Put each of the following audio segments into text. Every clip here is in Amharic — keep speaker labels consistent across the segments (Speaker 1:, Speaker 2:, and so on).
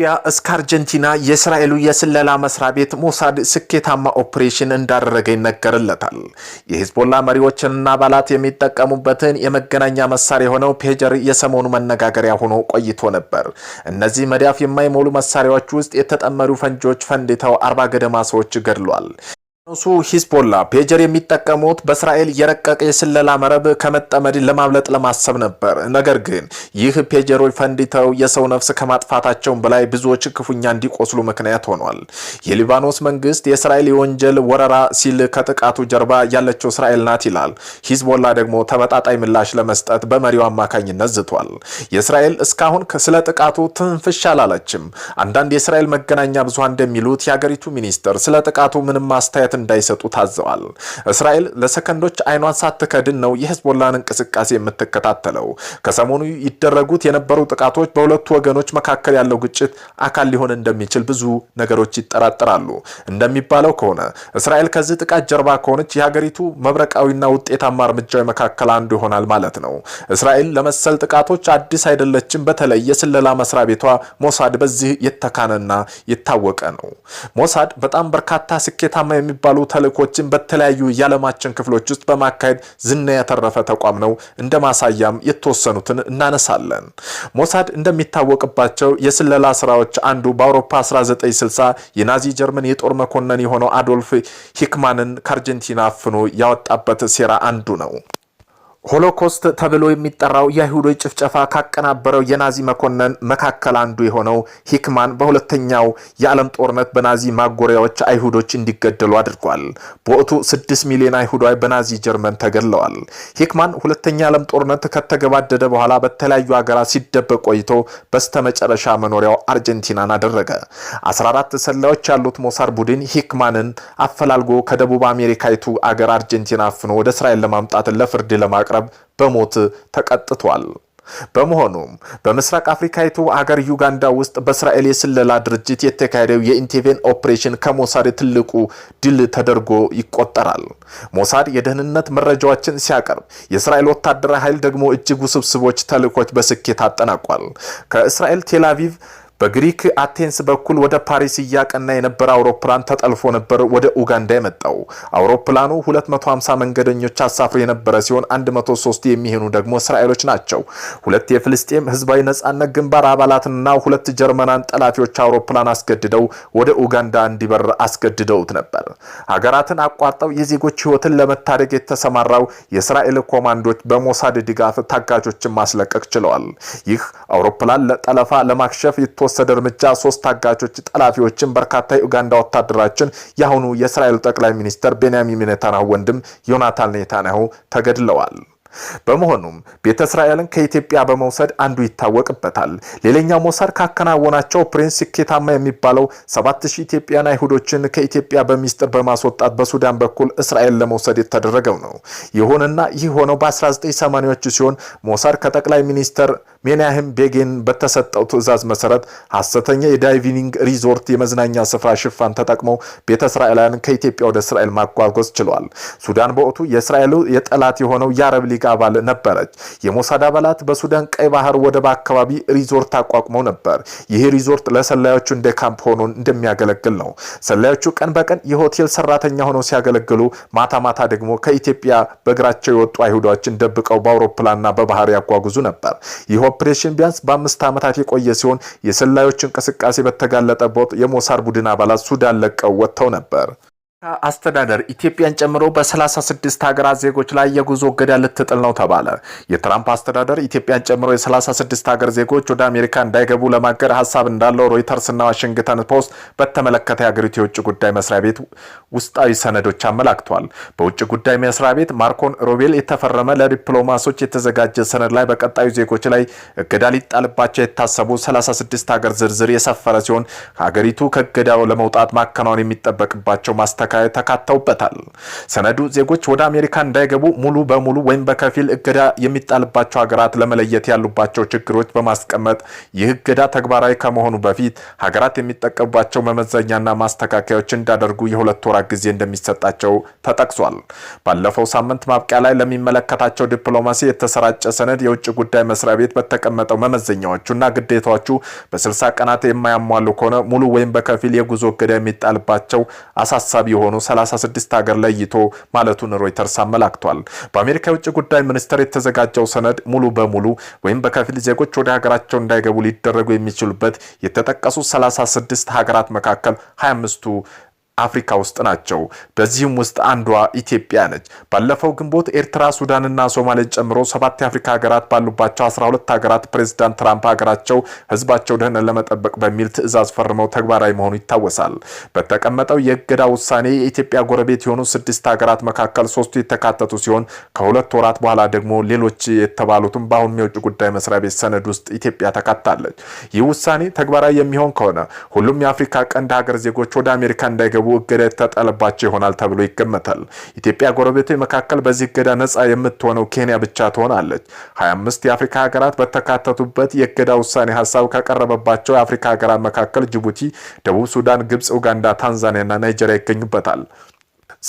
Speaker 1: ከኢትዮጵያ እስከ አርጀንቲና የእስራኤሉ የስለላ መስሪያ ቤት ሞሳድ ስኬታማ ኦፕሬሽን እንዳደረገ ይነገርለታል። የሂዝቦላ መሪዎችንና አባላት የሚጠቀሙበትን የመገናኛ መሳሪያ የሆነው ፔጀር የሰሞኑ መነጋገሪያ ሆኖ ቆይቶ ነበር። እነዚህ መዳፍ የማይሞሉ መሳሪያዎች ውስጥ የተጠመዱ ፈንጂዎች ፈንድተው አርባ ገደማ ሰዎች ገድሏል። ሱ ሂዝቦላ ፔጀር የሚጠቀሙት በእስራኤል የረቀቀ የስለላ መረብ ከመጠመድ ለማምለጥ ለማሰብ ነበር። ነገር ግን ይህ ፔጀሮች ፈንድተው የሰው ነፍስ ከማጥፋታቸውን በላይ ብዙዎች ክፉኛ እንዲቆስሉ ምክንያት ሆኗል። የሊባኖስ መንግስት የእስራኤል የወንጀል ወረራ ሲል ከጥቃቱ ጀርባ ያለችው እስራኤል ናት ይላል። ሂዝቦላ ደግሞ ተመጣጣኝ ምላሽ ለመስጠት በመሪው አማካኝነት ዝቷል። የእስራኤል እስካሁን ስለ ጥቃቱ ትንፍሽ አላለችም። አንዳንድ የእስራኤል መገናኛ ብዙሃን እንደሚሉት የሀገሪቱ ሚኒስትር ስለ ጥቃቱ ምንም አስተያየት እንዳይሰጡ ታዘዋል። እስራኤል ለሰከንዶች አይኗን ሳትከድን ነው የህዝቦላን እንቅስቃሴ የምትከታተለው። ከሰሞኑ ይደረጉት የነበሩ ጥቃቶች በሁለቱ ወገኖች መካከል ያለው ግጭት አካል ሊሆን እንደሚችል ብዙ ነገሮች ይጠራጠራሉ። እንደሚባለው ከሆነ እስራኤል ከዚህ ጥቃት ጀርባ ከሆነች የሀገሪቱ መብረቃዊና ውጤታማ እርምጃዊ መካከል አንዱ ይሆናል ማለት ነው። እስራኤል ለመሰል ጥቃቶች አዲስ አይደለችም። በተለይ የስለላ መስሪያ ቤቷ ሞሳድ በዚህ የተካነና የታወቀ ነው። ሞሳድ በጣም በርካታ ስኬታማ የሚባ የሚባሉ ተልእኮችን በተለያዩ የዓለማችን ክፍሎች ውስጥ በማካሄድ ዝና ያተረፈ ተቋም ነው። እንደ ማሳያም የተወሰኑትን እናነሳለን። ሞሳድ እንደሚታወቅባቸው የስለላ ስራዎች አንዱ በአውሮፓ 1960 የናዚ ጀርመን የጦር መኮንን የሆነው አዶልፍ ሂክማንን ከአርጀንቲና አፍኖ ያወጣበት ሴራ አንዱ ነው። ሆሎኮስት ተብሎ የሚጠራው የአይሁዶች ጭፍጨፋ ካቀናበረው የናዚ መኮንን መካከል አንዱ የሆነው ሂክማን በሁለተኛው የዓለም ጦርነት በናዚ ማጎሪያዎች አይሁዶች እንዲገደሉ አድርጓል። በወቅቱ ስድስት ሚሊዮን አይሁዳዊ በናዚ ጀርመን ተገድለዋል። ሂክማን ሁለተኛ የዓለም ጦርነት ከተገባደደ በኋላ በተለያዩ ሀገራት ሲደበቅ ቆይቶ በስተመጨረሻ መኖሪያው አርጀንቲናን አደረገ። 14 ሰላዮች ያሉት ሞሳር ቡድን ሂክማንን አፈላልጎ ከደቡብ አሜሪካዊቱ አገር አርጀንቲና አፍኖ ወደ እስራኤል ለማምጣት ለፍርድ ለማቅ በመቅረብ በሞት ተቀጥቷል። በመሆኑም በምስራቅ አፍሪካዊቱ አገር ዩጋንዳ ውስጥ በእስራኤል የስለላ ድርጅት የተካሄደው የኢንቴቬን ኦፕሬሽን ከሞሳድ ትልቁ ድል ተደርጎ ይቆጠራል። ሞሳድ የደህንነት መረጃዎችን ሲያቀርብ፣ የእስራኤል ወታደራዊ ኃይል ደግሞ እጅግ ውስብስቦች ተልእኮች በስኬት አጠናቋል። ከእስራኤል ቴላቪቭ በግሪክ አቴንስ በኩል ወደ ፓሪስ እያቀና የነበረ አውሮፕላን ተጠልፎ ነበር ወደ ኡጋንዳ የመጣው። አውሮፕላኑ 250 መንገደኞች አሳፍሮ የነበረ ሲሆን 103 የሚሆኑ ደግሞ እስራኤሎች ናቸው። ሁለት የፍልስጤም ህዝባዊ ነጻነት ግንባር አባላትና ሁለት ጀርመናን ጠላፊዎች አውሮፕላን አስገድደው ወደ ኡጋንዳ እንዲበር አስገድደውት ነበር። ሀገራትን አቋርጠው የዜጎች ህይወትን ለመታደግ የተሰማራው የእስራኤል ኮማንዶች በሞሳድ ድጋፍ ታጋቾችን ማስለቀቅ ችለዋል። ይህ አውሮፕላን ለጠለፋ ለማክሸፍ በተወሰደ እርምጃ ሶስት ታጋቾች ጠላፊዎችን በርካታ የኡጋንዳ ወታደራችን የአሁኑ የእስራኤሉ ጠቅላይ ሚኒስትር ቤንያሚን ኔታናሁ ወንድም ዮናታን ኔታናሁ ተገድለዋል። በመሆኑም ቤተ እስራኤልን ከኢትዮጵያ በመውሰድ አንዱ ይታወቅበታል። ሌላኛው ሞሳድ ካከናወናቸው ፕሪንስ ስኬታማ የሚባለው 7000 ኢትዮጵያን አይሁዶችን ከኢትዮጵያ በሚስጥር በማስወጣት በሱዳን በኩል እስራኤል ለመውሰድ የተደረገው ነው። ይሁንና ይህ ሆነው በ1980ዎቹ ሲሆን ሞሳድ ከጠቅላይ ሚኒስተር ሜንያህም ቤጌን በተሰጠው ትዕዛዝ መሰረት ሐሰተኛ የዳይቪኒንግ ሪዞርት የመዝናኛ ስፍራ ሽፋን ተጠቅመው ቤተ እስራኤላውያን ከኢትዮጵያ ወደ እስራኤል ማጓጓዝ ችሏል። ሱዳን በወቅቱ የእስራኤሉ የጠላት የሆነው የአረብ ሊግ ሊግ አባል ነበረች። የሞሳድ አባላት በሱዳን ቀይ ባህር ወደብ አካባቢ ሪዞርት አቋቁመው ነበር። ይህ ሪዞርት ለሰላዮቹ እንደ ካምፕ ሆኖ እንደሚያገለግል ነው። ሰላዮቹ ቀን በቀን የሆቴል ሰራተኛ ሆነው ሲያገለግሉ፣ ማታ ማታ ደግሞ ከኢትዮጵያ በእግራቸው የወጡ አይሁዳዎችን ደብቀው በአውሮፕላንና በባህር ያጓጉዙ ነበር። ይህ ኦፕሬሽን ቢያንስ በአምስት ዓመታት የቆየ ሲሆን የሰላዮች እንቅስቃሴ በተጋለጠበት የሞሳድ ቡድን አባላት ሱዳን ለቀው ወጥተው ነበር። አስተዳደር ኢትዮጵያን ጨምሮ በ36 ሀገራት ዜጎች ላይ የጉዞ እገዳ ልትጥል ነው ተባለ። የትራምፕ አስተዳደር ኢትዮጵያን ጨምሮ የ36 ሀገር ዜጎች ወደ አሜሪካ እንዳይገቡ ለማገድ ሀሳብ እንዳለው ሮይተርስ እና ዋሽንግተን ፖስት በተመለከተ የሀገሪቱ የውጭ ጉዳይ መስሪያ ቤት ውስጣዊ ሰነዶች አመላክቷል። በውጭ ጉዳይ መስሪያ ቤት ማርኮን ሮቤል የተፈረመ ለዲፕሎማሶች የተዘጋጀ ሰነድ ላይ በቀጣዩ ዜጎች ላይ እገዳ ሊጣልባቸው የታሰቡ 36 ሀገር ዝርዝር የሰፈረ ሲሆን ሀገሪቱ ከእገዳው ለመውጣት ማከናወን የሚጠበቅባቸው ማስተ ተካተውበታል። ሰነዱ ዜጎች ወደ አሜሪካ እንዳይገቡ ሙሉ በሙሉ ወይም በከፊል እገዳ የሚጣልባቸው ሀገራት ለመለየት ያሉባቸው ችግሮች በማስቀመጥ ይህ እገዳ ተግባራዊ ከመሆኑ በፊት ሀገራት የሚጠቀሙባቸው መመዘኛና ማስተካከያዎች እንዳደርጉ የሁለት ወራት ጊዜ እንደሚሰጣቸው ተጠቅሷል። ባለፈው ሳምንት ማብቂያ ላይ ለሚመለከታቸው ዲፕሎማሲ የተሰራጨ ሰነድ የውጭ ጉዳይ መስሪያ ቤት በተቀመጠው መመዘኛዎቹ እና ግዴታዎቹ በስልሳ ቀናት የማያሟሉ ከሆነ ሙሉ ወይም በከፊል የጉዞ እገዳ የሚጣልባቸው አሳሳቢ የሆኑ 36 ሀገር ለይቶ ማለቱን ሮይተርስ አመላክቷል። በአሜሪካ የውጭ ጉዳይ ሚኒስቴር የተዘጋጀው ሰነድ ሙሉ በሙሉ ወይም በከፊል ዜጎች ወደ ሀገራቸው እንዳይገቡ ሊደረጉ የሚችሉበት የተጠቀሱ 36 ሀገራት መካከል 25ቱ አፍሪካ ውስጥ ናቸው። በዚህም ውስጥ አንዷ ኢትዮጵያ ነች። ባለፈው ግንቦት ኤርትራ፣ ሱዳንና ሶማሌን ጨምሮ ሰባት የአፍሪካ ሀገራት ባሉባቸው 12 ሀገራት ፕሬዚዳንት ትራምፕ ሀገራቸው ህዝባቸው ደህንን ለመጠበቅ በሚል ትዕዛዝ ፈርመው ተግባራዊ መሆኑ ይታወሳል። በተቀመጠው የእገዳ ውሳኔ የኢትዮጵያ ጎረቤት የሆኑ ስድስት ሀገራት መካከል ሶስቱ የተካተቱ ሲሆን ከሁለት ወራት በኋላ ደግሞ ሌሎች የተባሉትም በአሁኑ የውጭ ጉዳይ መስሪያ ቤት ሰነድ ውስጥ ኢትዮጵያ ተካታለች። ይህ ውሳኔ ተግባራዊ የሚሆን ከሆነ ሁሉም የአፍሪካ ቀንድ ሀገር ዜጎች ወደ አሜሪካ እንዳይገቡ እገዳ የተጣለባቸው ይሆናል ተብሎ ይገመታል። ኢትዮጵያ ጎረቤቶች መካከል በዚህ እገዳ ነፃ የምትሆነው ኬንያ ብቻ ትሆናለች። 25 የአፍሪካ ሀገራት በተካተቱበት የእገዳ ውሳኔ ሀሳብ ከቀረበባቸው የአፍሪካ ሀገራት መካከል ጅቡቲ፣ ደቡብ ሱዳን፣ ግብፅ፣ ኡጋንዳ፣ ታንዛኒያ እና ናይጄሪያ ይገኙበታል።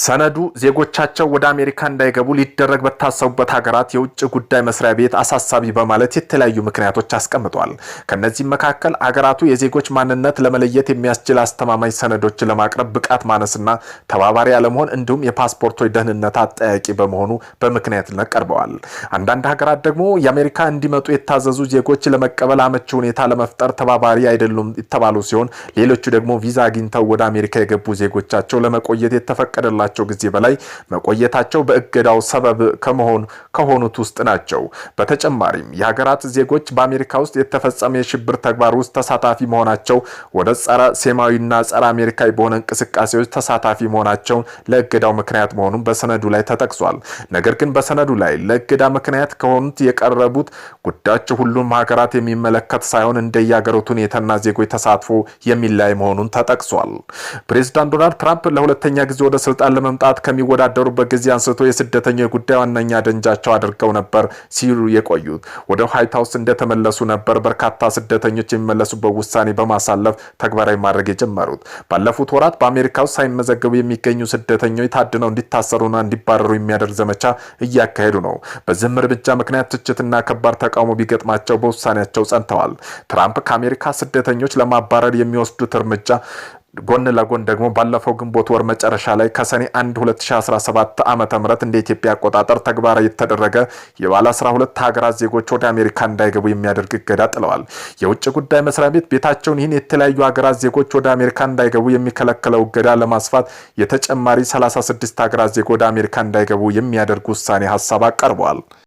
Speaker 1: ሰነዱ ዜጎቻቸው ወደ አሜሪካ እንዳይገቡ ሊደረግ በታሰቡበት ሀገራት የውጭ ጉዳይ መስሪያ ቤት አሳሳቢ በማለት የተለያዩ ምክንያቶች አስቀምጧል። ከእነዚህም መካከል አገራቱ የዜጎች ማንነት ለመለየት የሚያስችል አስተማማኝ ሰነዶችን ለማቅረብ ብቃት ማነስና ተባባሪ አለመሆን እንዲሁም የፓስፖርቶች ደህንነት አጠያቂ በመሆኑ በምክንያትነት ቀርበዋል። አንዳንድ ሀገራት ደግሞ የአሜሪካ እንዲመጡ የታዘዙ ዜጎች ለመቀበል አመቺ ሁኔታ ለመፍጠር ተባባሪ አይደሉም የተባሉ ሲሆን፣ ሌሎቹ ደግሞ ቪዛ አግኝተው ወደ አሜሪካ የገቡ ዜጎቻቸው ለመቆየት የተፈቀደላቸው ከቀረበላቸው ጊዜ በላይ መቆየታቸው በእገዳው ሰበብ ከመሆን ከሆኑት ውስጥ ናቸው። በተጨማሪም የሀገራት ዜጎች በአሜሪካ ውስጥ የተፈጸመ የሽብር ተግባር ውስጥ ተሳታፊ መሆናቸው ወደ ጸረ ሴማዊና ጸረ አሜሪካዊ በሆነ እንቅስቃሴዎች ተሳታፊ መሆናቸው ለእገዳው ምክንያት መሆኑን በሰነዱ ላይ ተጠቅሷል። ነገር ግን በሰነዱ ላይ ለእገዳ ምክንያት ከሆኑት የቀረቡት ጉዳዮች ሁሉም ሀገራት የሚመለከት ሳይሆን እንደየሀገሮቱ ሁኔታና ዜጎች ተሳትፎ የሚላይ መሆኑን ተጠቅሷል። ፕሬዚዳንት ዶናልድ ትራምፕ ለሁለተኛ ጊዜ ወደ ስልጣን ስልጣን ለመምጣት ከሚወዳደሩበት ጊዜ አንስቶ የስደተኛ ጉዳይ ዋነኛ ደንጃቸው አድርገው ነበር ሲሉ የቆዩት ወደ ዋይት ሀውስ እንደተመለሱ ነበር በርካታ ስደተኞች የሚመለሱበት ውሳኔ በማሳለፍ ተግባራዊ ማድረግ የጀመሩት። ባለፉት ወራት በአሜሪካ ውስጥ ሳይመዘገቡ የሚገኙ ስደተኞች ታድነው እንዲታሰሩና እንዲባረሩ የሚያደርግ ዘመቻ እያካሄዱ ነው። በዚህም እርምጃ ምክንያት ትችትና ከባድ ተቃውሞ ቢገጥማቸው በውሳኔያቸው ጸንተዋል። ትራምፕ ከአሜሪካ ስደተኞች ለማባረር የሚወስዱት እርምጃ ጎን ለጎን ደግሞ ባለፈው ግንቦት ወር መጨረሻ ላይ ከሰኔ 1 2017 ዓ ም እንደ ኢትዮጵያ አቆጣጠር ተግባራዊ የተደረገ የባለ 12 ሀገራት ዜጎች ወደ አሜሪካ እንዳይገቡ የሚያደርግ እገዳ ጥለዋል። የውጭ ጉዳይ መስሪያ ቤት ቤታቸውን ይህን የተለያዩ ሀገራት ዜጎች ወደ አሜሪካ እንዳይገቡ የሚከለክለው እገዳ ለማስፋት የተጨማሪ 36 ሀገራት ዜጎች ወደ አሜሪካ እንዳይገቡ የሚያደርግ ውሳኔ ሀሳብ አቀርበዋል።